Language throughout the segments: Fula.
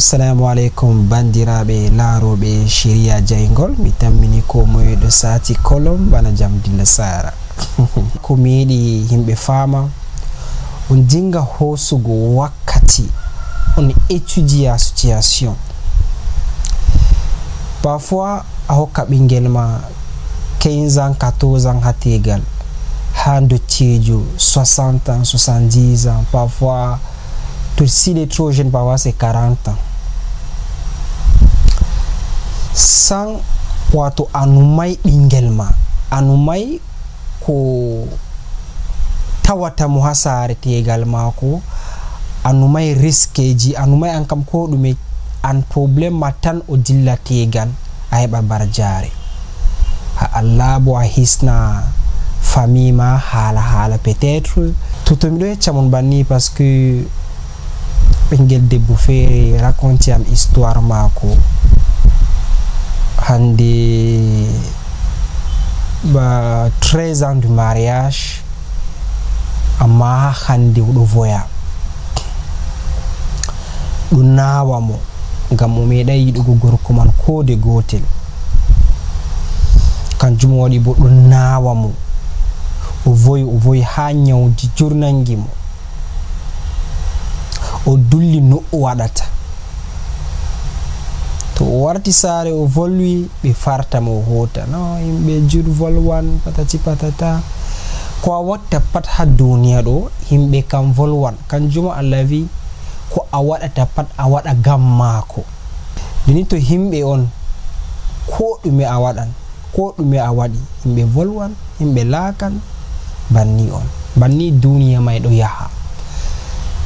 assalamu aleykum bandiraɓe laaroɓe shiriya jaygol mi tammini ko moyeɗo sati kolom bana jam dilla sara ko mi yiɗi yimɓe faama on dinga hoosugo wakkati on étudia situation parfois a hokka ɓingel ma 15 ans 14 ans ha tegal ha dottejo 60 ans 70 ans parfois to s'il trop jeune parfois c'est 40 ans san wato a numay ɓingel ma a numay ko tawata mo ha saare tegal maako a numay risque ji a numay an kam ko ɗume an probléme ma tan o dilla tegal a heɓa bar jaare ha allah bo a hisna famille ma haala haala peut être to tomi ɗo yecca mon banni par ce que ɓengel debbo feere raconte am histoire maako hande ba 3 ans du mariage amma hande oɗo voya ɗum nawamo ngam o meɗai yiɗugo gorko man ko de gotel kanjum waɗi bo ɗum nawamo o voyi o voyi ha ñawji jurnangimo o dulli no o waɗata to o warti saare o volwi ɓe fartamo o hota no yimɓe jur volwan patati patata ko a watta pat ha duniya ɗo yimɓe kam volwan kanjuma allah wi ko a waɗata pat a waɗa gam maako joni to himɓe on ko ɗume a waɗan ko ɗume a waɗi yimɓe volwan yimɓe laakan banni on banni duniya may ɗo yaha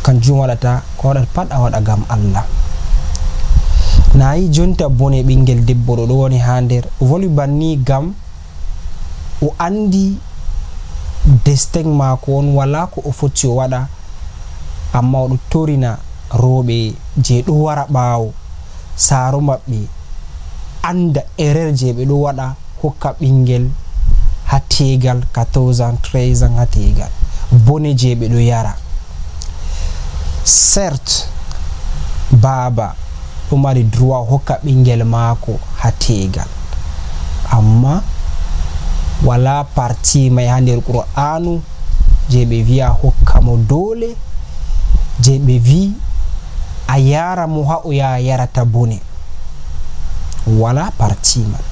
kanjum waɗata ko waɗat pat a waɗa gam allah nayi jonta bone ɓingel debbo ɗo ɗo woni ha nder voli banni gam o andi desteg mako on wala ko o fotti o waɗa amma oɗo torina roɓe je ɗo wara ɓawo saro maɓɓe anda erer je ɓe ɗo waɗa hokka ɓingel ha tegal 4013 ans ha tegal bone je ɓe ɗo yara cert baba ɗo mari droit hokka ɓingel maako ha tegal amma wala parti mai ha nder qur'anu je ɓe wiya hokka mo dole je ɓe wi a yara mo ha o yaha yarata bone wala parti man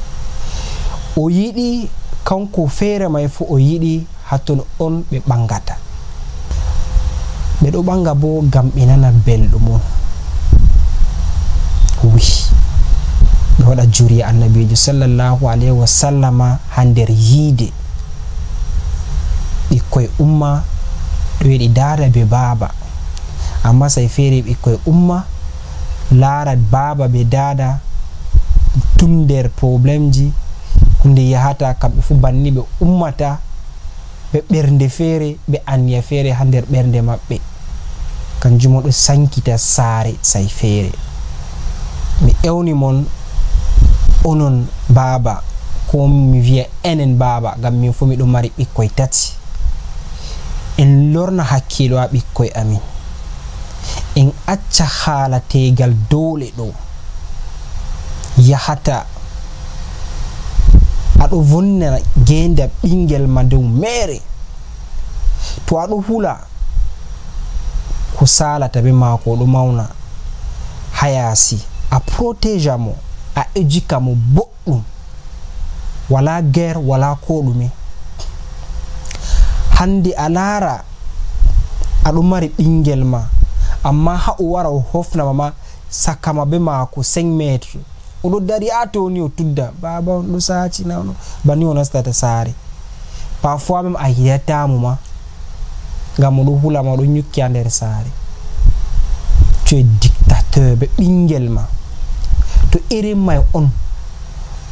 o yiɗi kanko feere mai fo o yiɗi hatton on ɓe ɓangata ɓe ɗo ɓanga bo gam ɓe nana belɗum on huwi ɓe waɗa juriya annabijo sallllahu alayhi wasallama ha nder yiide ɓikkoye umma ɗo yeɗi dada be baaba amma sai feere ɓikkoye umma laara baaba be dada tum nder probléme ji hunde yahata kamɓe fuu banni ɓe ummata ɓe ɓernde feere ɓe anniya feere ha nder ɓernde maɓɓe kanjum o ɗo sankita saare sai feere mi ewni mon onon baaba ko mi wiya enen baaba ngam min fo miɗo mari ɓikkoye tati en lorna hakkilo ha ɓikkoye amin en acca haala tegal dowle ɗo yahata aɗo vonnana genda ɓingel ma dow mere to aɗo hula ko salata be maako ɗo mawna ha yaasi a protégea mo a éjika mo boɗɗum wala guerre wala ko ɗume hande a laara aɗo mari ɓingel ma amma ha o wara o hofnama ma sakkama be maako cinq métre oɗo dari a toni o tudda baba on ɗo saati nano banni o nastata saare parfois mem a yiyatamo ma ngam oɗo hulama oɗo ñukki ha nder saare tu e dictateur ɓe ɓingel ma to irin may on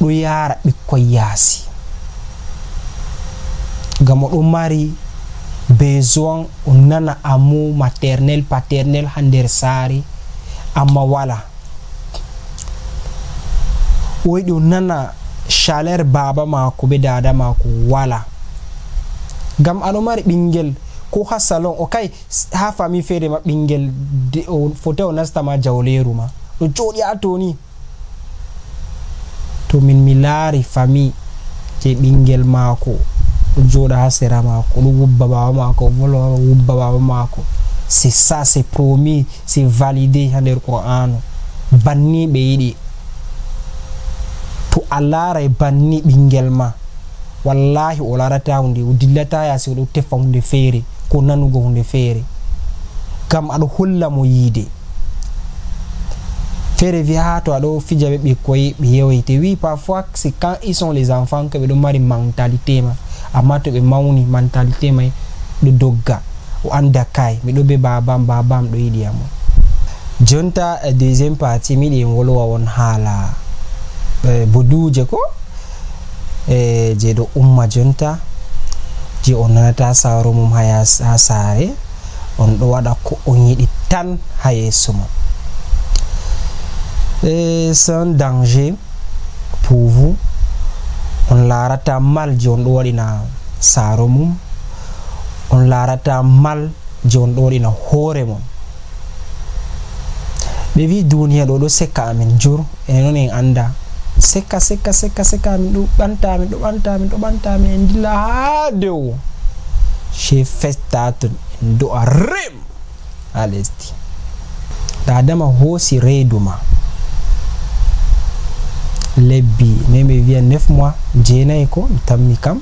ɗo yara ɓikkoy yaasi gam oɗo mari besoin o nana amu maternel paternel ha nder saari amma wala o yiɗi o nana chaleur baba maako be dada maako wala gam aɗo mari ɓingel ko ha salon o kay ha fami feere ma ɓingel fotai o nastama jawleru ma ɗo joɗi a toni tomin mi laari famille je ɓingel maako ɗo joɗa ha sera maako ɗo wubba baba maako volwaa wubba baba maako c'est ça c'est promis c'est validé ha nder qur'anu banni ɓe yiɗi to a laaray e banni ɓingel ma wallahi o larata hunde o dillata yasi oɗo tefa hunde feere ko nanugo hunde feere gam aɗo holla mo yiide Tereviato ado fidja be koy yewete wi parfois c'est quand ils sont les enfants que be do mari mentalité ma amato be mauni mentalité mai do dogga o anda kai mi do be babam babam do yidi amo jonta eh, deuxième partie mi di ngolowa won hala e, eh, boduje ko e, je do umma jonta je on nanata sawro mum ha saare on do wada ko on yidi tan ha yeso mum c'est un danger pour vous on larata mal je on ɗo waɗina saro mum on larata mal je on ɗo waɗina hoore mon ɓe wi duniya ɗo ɗo sekka amin jur ene noon en anda sekka sekka sekka sekka amin ɗo ɓantamin ɗo ɓantamin ɗo ɓantamin en dilla ha dewo che festa ton en do'a rem a lesdi dadama hoosi reedu ma lebbi mai ɓe wiya nef mois jeenayi ko mi tammi kam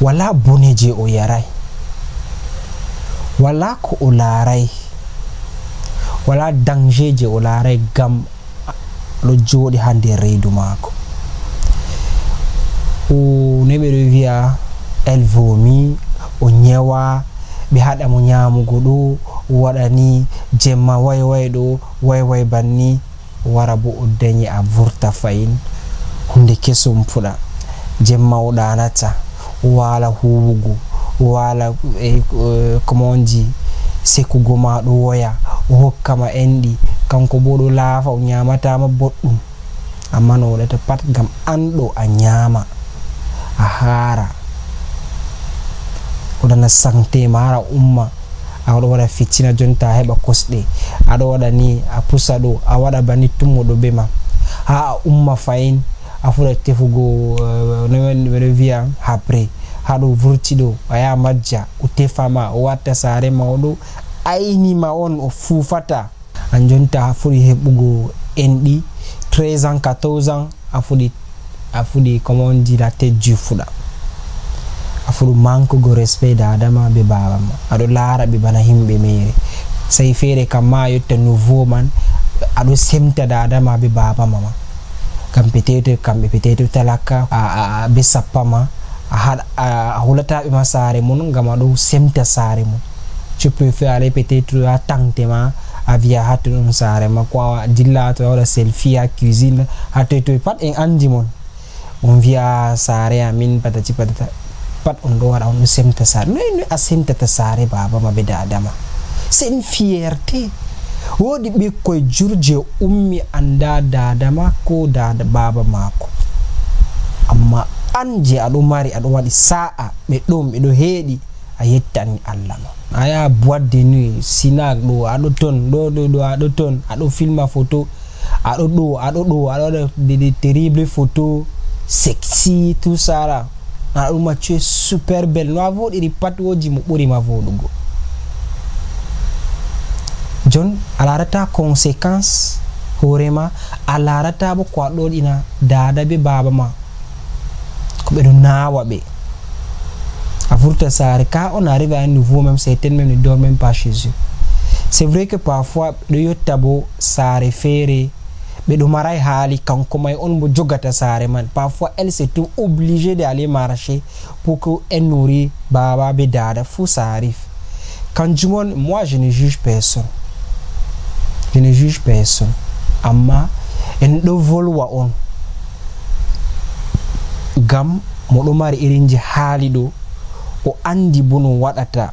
wala bone je o yaray wala ko o laaray wala danger je o laaray gam lo jooɗi ha nder reydu maako o ne ɓeɗo wiya elvomi o ñewa ɓe haɗa mo ñamugo ɗo waɗani jemma way way ɗo way way banni wara bo o dañi a vurta fayin hunde kesum fuɗa je mawɗanata waala huwugu waala e, komo on ji sekugo ma ɗo woya o hokkama enɗi kanko bo ɗo laafa o ñamatama boɗɗum amma no waɗata pat gam anɗo a ñama a haara oɗana sancté mara umma aɗo waɗa ficcina jonta a heɓa kosɗe aɗo waɗa ni a pusa ɗo a waɗa bani tummoɗo be ma ha a umma fayin a fuɗa tefugo eh, noɓeɗo wiya hapre haɗo vurti ɗo a yaha majja o tefama o watta sare ma oɗo aynima on o fufata an jonta a fuɗi heɓugo enɗi 3 ans 14 ans a fuɗi a fuɗi comme on dila tejju fuɗa fulu go respect da adama be baba ma ado laara be bana himbe mere sey fere kam ma yotta nouveau man ado semta da adama be baba ma ma kam peut-être kamɓe a a a be sappa ma a hulataɓe ma saare mun ngama do semta saare mun tu peux faire aller peut a tante ma a via hatu no saare ma ko dilla to wala selfie ha cuisine hatto to pat en andi mon on via sare amin patati patata pat on ɗo waɗa on ɗo semta saare noy noy a semtata saare baba ma ɓe dadama sen fierté woodi ɓikkoye jur je ummi annda dadama ko dada baba maako amma an je aɗo mari aɗo waɗi sa'a ɓe ɗon ɓeɗo heeɗi a yettani allah ma a yaha boide nui sinag ɗo aɗo ton ɗo ɗo ɗo aɗo ton aɗo filma photo aɗo ɗo aɗo ɗo aɗo waɗa de terrible photo sexy tout sara ha ɗum maccu super bel no a voɗiri pat woji mo ɓurima voɗugo jon a larata conséquence hoorema a larata bo ko a ɗoɗina dada be baba ma ko ɓeɗo nawa ɓe a vurta À ka on arrive à un nouveau, même certain même ne dort même pas chez eux c'est vrai que parfois le tableau bo sare ɓeɗo maray haali kanko may on mo jogata saare man parfois elle c' est tout obligé de aller marché pour que en nouri baba ɓe dada fou saarif kanjumon moi je ne juge personne je ne juge personne amma en ɗo volwa on gam moɗo mari irinje haali ɗo o andi bo no waɗata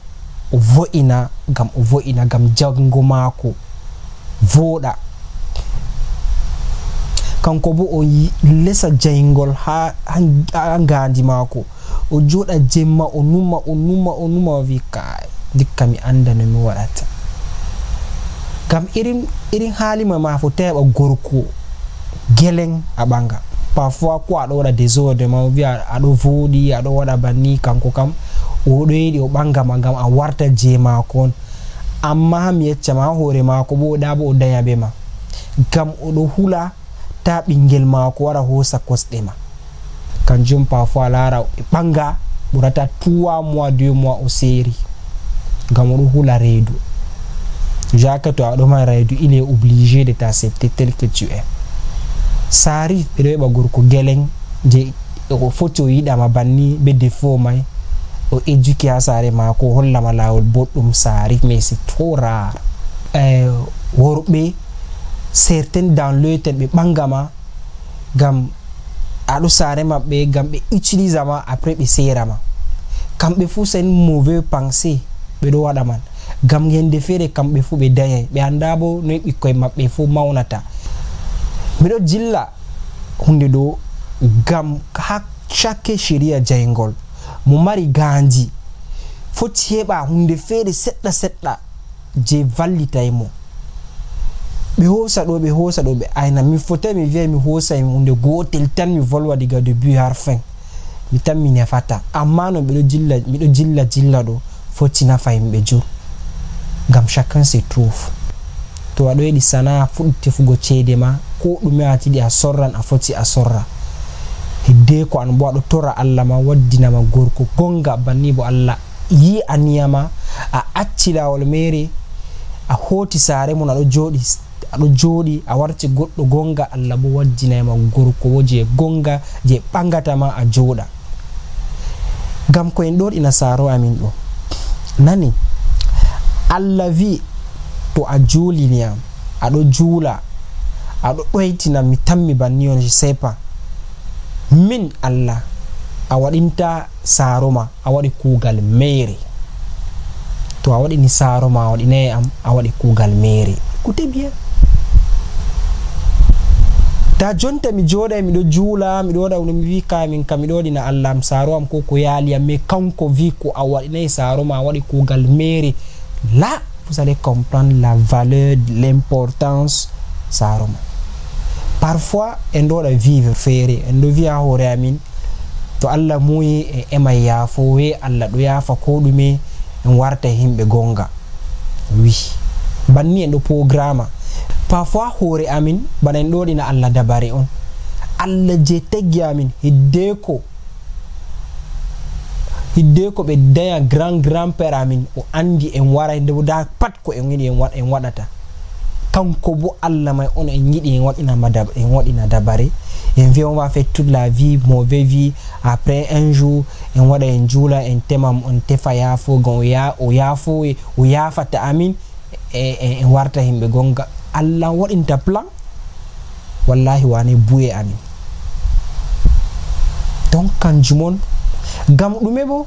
o vo'ina gam o vo'ina gam jango maako voɗa kanko bo o lesa jayngol ha ha ngandi maako o joɗa jemma o numma o numma o numma o wi ka dikka mi anda no mi waɗata gam irin irin haalima maafo taɓa gorko gelen a ɓanga parfois ko aɗo waɗa désordre ma wi aɗo voɗi aɗo waɗa banni kanko kam oɗo yiɗi o ɓanga ma gam a warta je maako on amma mi yecca ma hoore maako bo ɗa bo o dayaɓe ma gam oɗo hula hatta ɓingel maako wara hosa kosɗe ma kanjum pafo a lara e ɓe ɓanga ɓurata tuwa moi deux mois o seeri ngam oɗo hula reedu jaque to aɗo mari reedu il est obligé de ta accepté tel que tu es sari ɓeɗo heɓa gorko gueleng je o foti o yiɗama banni ɓe défaut mai o éduqué ha saare maako o hollama lawol boɗɗum sari mais c'est trop rare eh, worɓe uh, certain downloaded ɓe ɓangama gam aɗo sare maɓɓe gam ɓe utilise ama après ɓe serama kamɓe fu sen mauvais pensé ɓeɗo waɗa man gam yende feere kamɓe fu ɓe dayai ɓe anda bo noyi ɓikkoye maɓɓe fu maunata miɗo jilla hunde ɗo gam ha chaque shiria jayngol mo mari gandi foti heɓa hunde feere seɗɗa seɗɗa je vallitay mo ɓe hosa ɗo ɓe hosa ɗo ɓe ayna mi fotai mi wiya mi hosai hunde gotel tan mi volwa diga début har fin mi tan mi nefata amma no ɓeɗo jilla miɗo jilla jilla ɗo foti nafa himɓe jur gam chacun se trouf to aɗo yiɗi sana'a fuɗɗi tefugo ceede ma ko ɗume a tiɗi a sorran a foti a sorra hidde ko an bo aɗo tora allah ma waddinama gorko gonga banni bo allah yi a niyama a acci lawol mere a hoti saare mun aɗo joɗi aɗo joɗi a warti goɗɗo gonga allah bo waddinayma gorkowo je gonga je ɓagatama a joɗa gam ko en ɗoɗi nasaro amin ɗo nani allah wi to a juliniyam aɗo juula aɗo ɗoytinam mi tammi banni on sepa min allah a waɗinta saaro ma a waɗi kuugal meere to a waɗini saaro ma a waɗinayi am a waɗi kuugal meere kute ta jonta mi joɗa miɗo juula miɗo waɗa ɗo mi wi kamin kam miɗo waɗina allah am saro am ko ko yaaliyam mais kanko wi ko a waɗinayi saro ma waɗi kugal mairi la vous allez comprendre la valeur de l' importance saro ma parfois en ɗoɗa vivre feere en ɗo wiya hoore amin to allah muyi e ema yaafo we allah ɗo yaafa ko ɗume en warta himɓe gonga wi banni en ɗo programme parfois hoore amin bana en ɗoɗina allah dabare on allah je teggi amin hiddeko hidde ko ɓe daya grand grand père amin o andi en wara da pat ko en yiɗi en waɗata kanko bo allah mai on en yiɗi en waɗina dabare en wi on wa fait toute la vie mauvais vie après un jour en waɗa en juula en temam on tefa yafo gon o yafo o yafata amin e, e, en warta himɓe gonga allah waɗinta plan wallahi wane buye amin donc kanjum on gam ɗume bo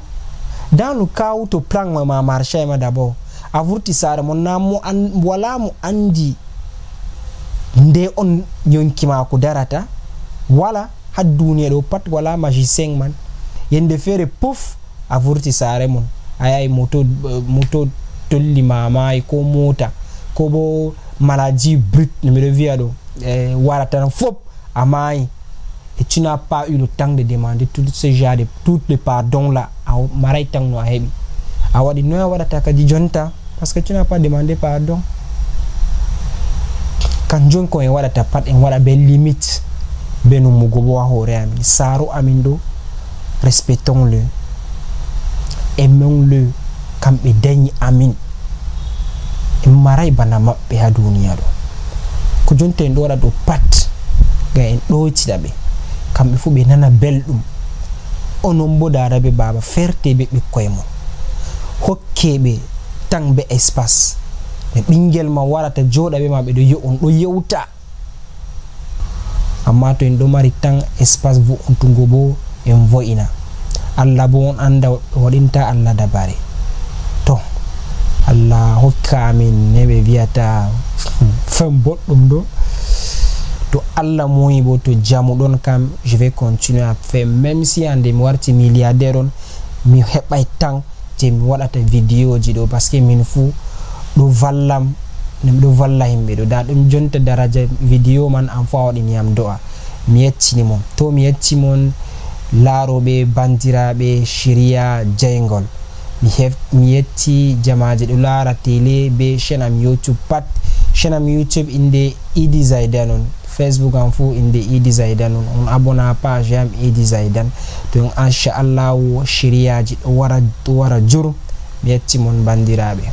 danu kaw to plan ma marchai ma d'abord a vurti saare mo namo an, wala mo andi nde on yonki mako darata wala ha duniya ɗo pat wala magicien man yende feere pouf a vurti saare mon a yahi moto moto tolli mamayi ko mota ko bo maladie brute numéro via do waratana fop amai et tu n'as pas eu le temps de demander tout ce genre de tout le pardon là marai tang no hebi awadi no warata ka jonta parce que tu n'as pas demandé pardon kan jon ko en waɗata pat en waɗa belle limite be bo ha hoore amin amindo. respectons le aimons le kamɓe dañi amin en maray bana maɓɓe ha duniya ɗo ko jonta en ɗowaɗa ɗo pat ga en ɗocita ɓe kamɓe fuu ɓe nana belɗum onon bo daraɓe baba ferte ɓe ɓikkoye mon hokkeɓe tan ɓe espace ɓe ɓingel ma warata joɗaɓe ma ɓe ɗo yo on ɗo yewta amma to en ɗo mari tan espace vo'ontugo bo en vo'ina allah bo on anda waɗinta allah dabare allah hokka amin neɓe wiyata fen boɗɗum ɗo to allah muyi bo to jamu ɗon kam je vais continue a fe même si hande mi warti milliardaire on mi heɓay tan je mi waɗata vidéo ji ɗo par ce que min fou ɗo vallam ɗo valla himɓe ɗo da ɗum jonta daraja vidéo man en fo a waɗiniyam do'a mi yettini mon to mi yettimon laaroɓe bandiraɓe chiria jeygol mi yetti jamaje ɗo laara télé be chaine am youtube pat chaine am youtube inde edesidan on facebook am fo inde edesidan on on abonna page am edesidan don inchallah o shiriyaji ɗo wara ɗo wara jur mi yettimon bandiraɓe